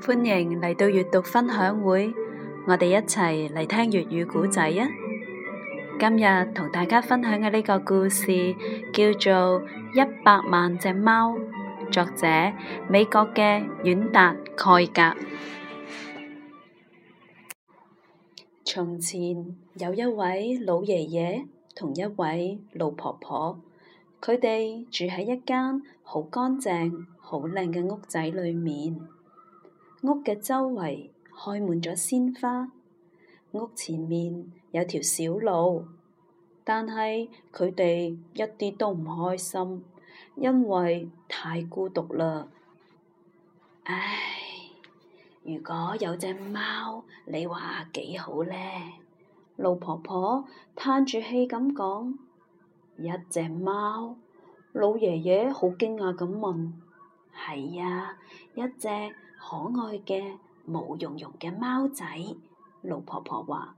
歡迎嚟到閱讀分享會，我哋一齊嚟聽粵語古仔啊！今日同大家分享嘅呢個故事叫做《一百萬隻貓》，作者美國嘅遠達蓋格。從前有一位老爺爺同一位老婆婆，佢哋住喺一間好乾淨，好靚嘅屋仔裏面，屋嘅周圍開滿咗鮮花，屋前面有條小路，但係佢哋一啲都唔開心，因為太孤獨啦。唉，如果有隻貓，你話幾好呢？老婆婆嘆住氣咁講：一隻貓。老爺爺好驚訝咁問。係啊，一隻可愛嘅毛茸茸嘅貓仔。老婆婆話：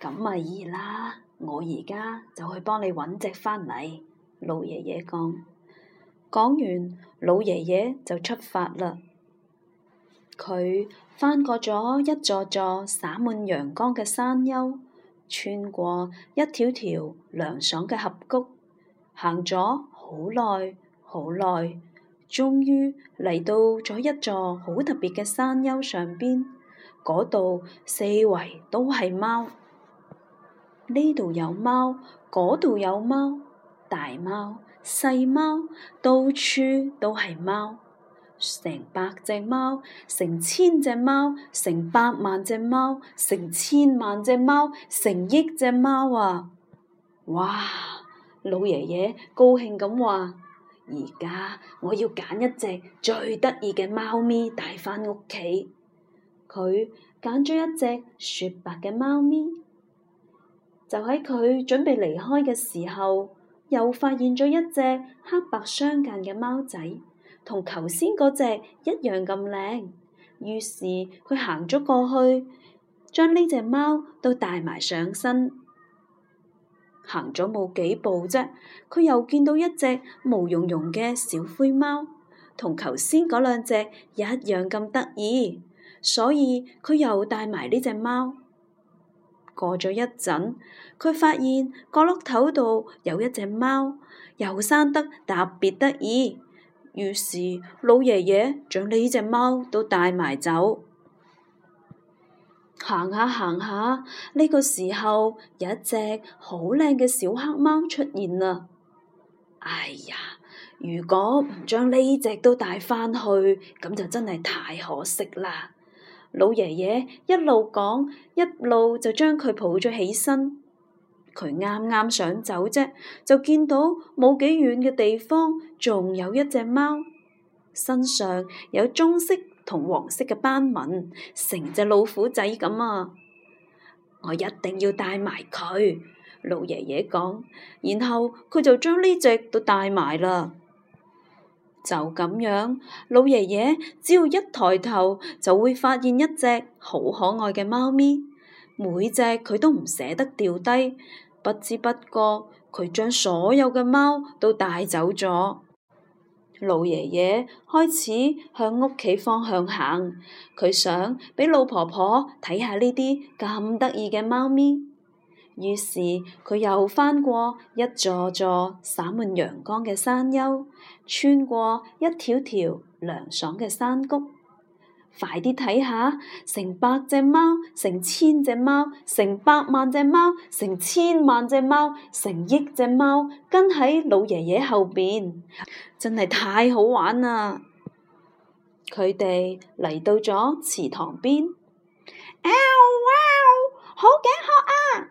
咁咪易啦，我而家就去幫你搵隻返嚟。老爺爺講。講完，老爺爺就出發啦。佢翻過咗一座座灑滿陽光嘅山丘，穿過一條條涼爽嘅峽谷，行咗好耐。好耐，終於嚟到咗一座好特別嘅山丘上邊。嗰度四圍都係貓，呢度有貓，嗰度有貓，大貓、細貓，到處都係貓，成百隻貓，成千隻貓，成百萬隻貓，成千萬隻貓，成億隻貓啊！哇！老爺爺高興咁話。而家我要揀一隻最得意嘅貓咪帶返屋企，佢揀咗一隻雪白嘅貓咪，就喺佢準備離開嘅時候，又發現咗一隻黑白相間嘅貓仔，同頭先嗰隻一樣咁靚，於是佢行咗過去，將呢隻貓都帶埋上身。行咗冇幾步啫，佢又見到一隻毛茸茸嘅小灰貓，同頭先嗰兩隻一樣咁得意，所以佢又帶埋呢隻貓。過咗一陣，佢發現角落頭度有一隻貓，又生得特別得意，於是老爺爺將呢隻貓都帶埋走。行下行下，呢、這個時候有一隻好靚嘅小黑貓出現啦！哎呀，如果唔將呢隻都帶返去，咁就真係太可惜啦！老爺爺一路講，一路就將佢抱咗起身。佢啱啱想走啫，就見到冇幾遠嘅地方仲有一隻貓，身上有棕色。同黃色嘅斑紋，成隻老虎仔咁啊！我一定要帶埋佢，老爺爺講，然後佢就將呢隻都帶埋啦。就咁樣，老爺爺只要一抬頭，就會發現一隻好可愛嘅貓咪。每隻佢都唔捨得掉低，不知不覺佢將所有嘅貓都帶走咗。老爺爺開始向屋企方向行，佢想畀老婆婆睇下呢啲咁得意嘅貓咪。於是佢又翻過一座座灑滿陽光嘅山丘，穿過一條條涼爽嘅山谷。快啲睇下，成百隻貓、成千隻貓、成百萬隻貓、成千萬隻貓、成億隻貓跟喺老爺爺後邊，真係太好玩啦！佢哋嚟到咗池塘邊，ow wow，好頸渴啊！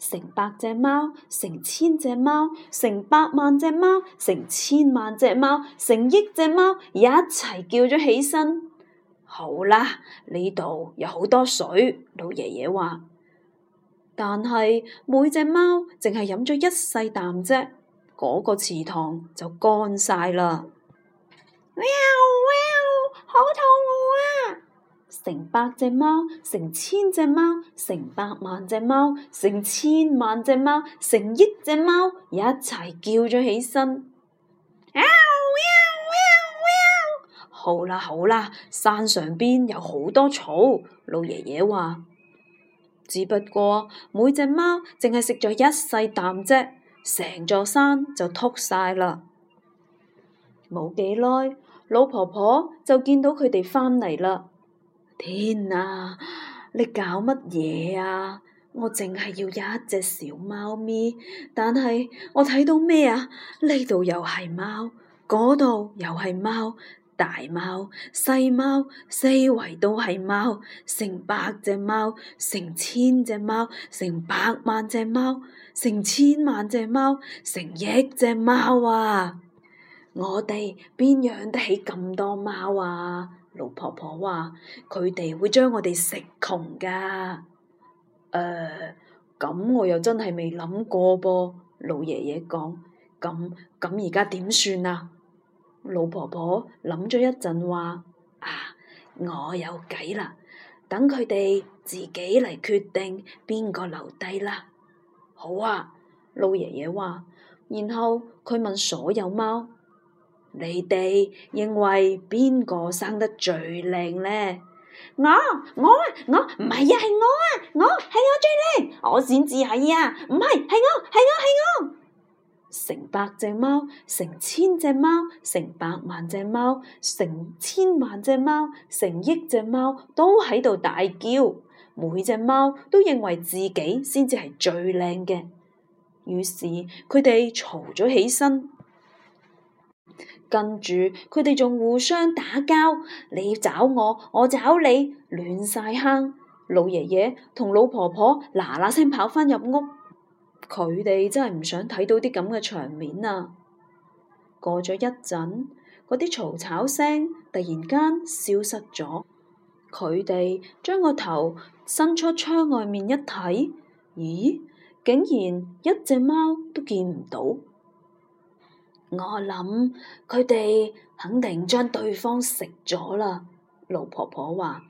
成百隻貓、成千隻貓、成百萬隻貓、成千萬隻貓、成億隻貓一齊叫咗起身。好啦，呢度有好多水，老爺爺話，但係每隻貓淨係飲咗一細啖啫，嗰個池塘就乾晒啦。喵喵，喵，好肚餓啊！成百隻貓、成千隻貓、成百萬隻貓、成千萬隻貓、成億隻貓一齊叫咗起身。好啦好啦，山上邊有好多草。老爺爺話，只不過每隻貓淨係食咗一細啖啫，成座山就禿晒啦。冇幾耐，老婆婆就見到佢哋返嚟啦。天啊，你搞乜嘢啊？我淨係要一隻小貓咪，但係我睇到咩啊？呢度又係貓，嗰度又係貓。大貓、細貓、四圍都係貓，成百隻貓、成千隻貓、成百萬隻貓、成千萬隻貓、成億隻貓啊！我哋邊養得起咁多貓啊？老婆婆話，佢哋會將我哋食窮噶。呃，咁我又真係未諗過噃。老爺爺講，咁，咁而家點算啊？老婆婆諗咗一陣，話：啊，我有計啦！等佢哋自己嚟決定邊個留低啦。好啊，老爺爺話。然後佢問所有貓：你哋認為邊個生得最靚咧？我、我、我，唔係啊，係我啊，我係、啊我、啊、我、係我最靚，我先至係啊！唔係，係我，係我，係我。成百隻貓，成千隻貓，成百萬隻貓，成千萬隻貓，成億隻貓都喺度大叫，每隻貓都認為自己先至係最靚嘅，於是佢哋嘈咗起身，跟住佢哋仲互相打交，你找我，我找你，亂晒坑。老爺爺同老婆婆嗱嗱聲跑翻入屋。佢哋真係唔想睇到啲咁嘅場面啊！過咗一陣，嗰啲嘈吵聲突然間消失咗。佢哋將個頭伸出窗外面一睇，咦？竟然一隻貓都見唔到。我諗佢哋肯定將對方食咗啦。老婆婆話：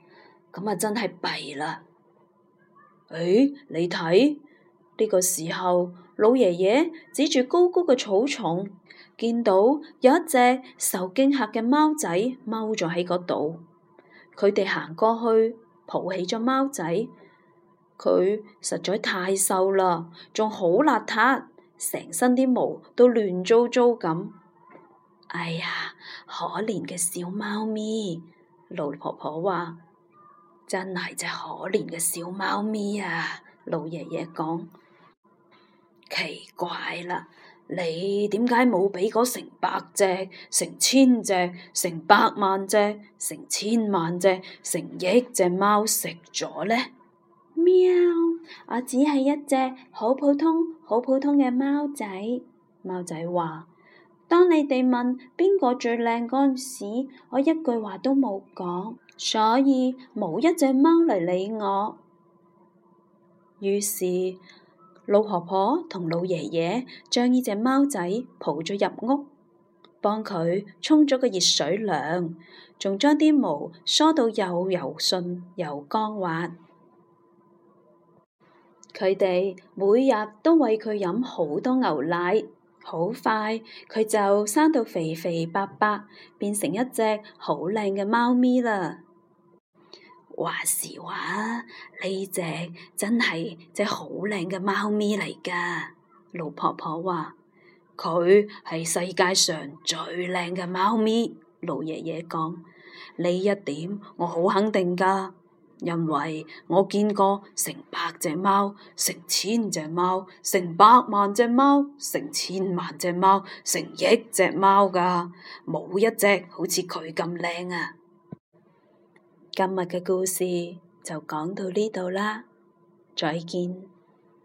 咁啊，真係弊啦。誒，你睇？呢個時候，老爺爺指住高高嘅草叢，見到有一隻受驚嚇嘅貓仔踎咗喺嗰度。佢哋行過去，抱起咗貓仔。佢實在太瘦啦，仲好邋遢，成身啲毛都亂糟糟咁。哎呀，可憐嘅小貓咪！老婆婆話：真係隻可憐嘅小貓咪啊！老爺爺講。奇怪啦，你點解冇俾嗰成百隻、成千隻、成百萬隻、成千萬隻、成億隻貓食咗呢？喵，我只係一隻好普通、好普通嘅貓仔。貓仔話：當你哋問邊個最靚嗰陣時，我一句話都冇講，所以冇一隻貓嚟理我。於是。老婆婆同老爺爺將呢隻貓仔抱咗入屋，幫佢沖咗個熱水涼，仲將啲毛梳到又柔順又光滑。佢哋每日都餵佢飲好多牛奶，好快佢就生到肥肥白白，變成一隻好靚嘅貓咪啦。話時話，呢隻真係隻好靚嘅貓咪嚟噶。老婆婆話：佢係世界上最靚嘅貓咪。老爺爺講，呢一點我好肯定噶，因為我見過成百隻貓、成千隻貓、成百萬隻貓、成千萬隻貓、成億隻貓噶，冇一隻好似佢咁靚啊！今日嘅故事就講到呢度啦，再見。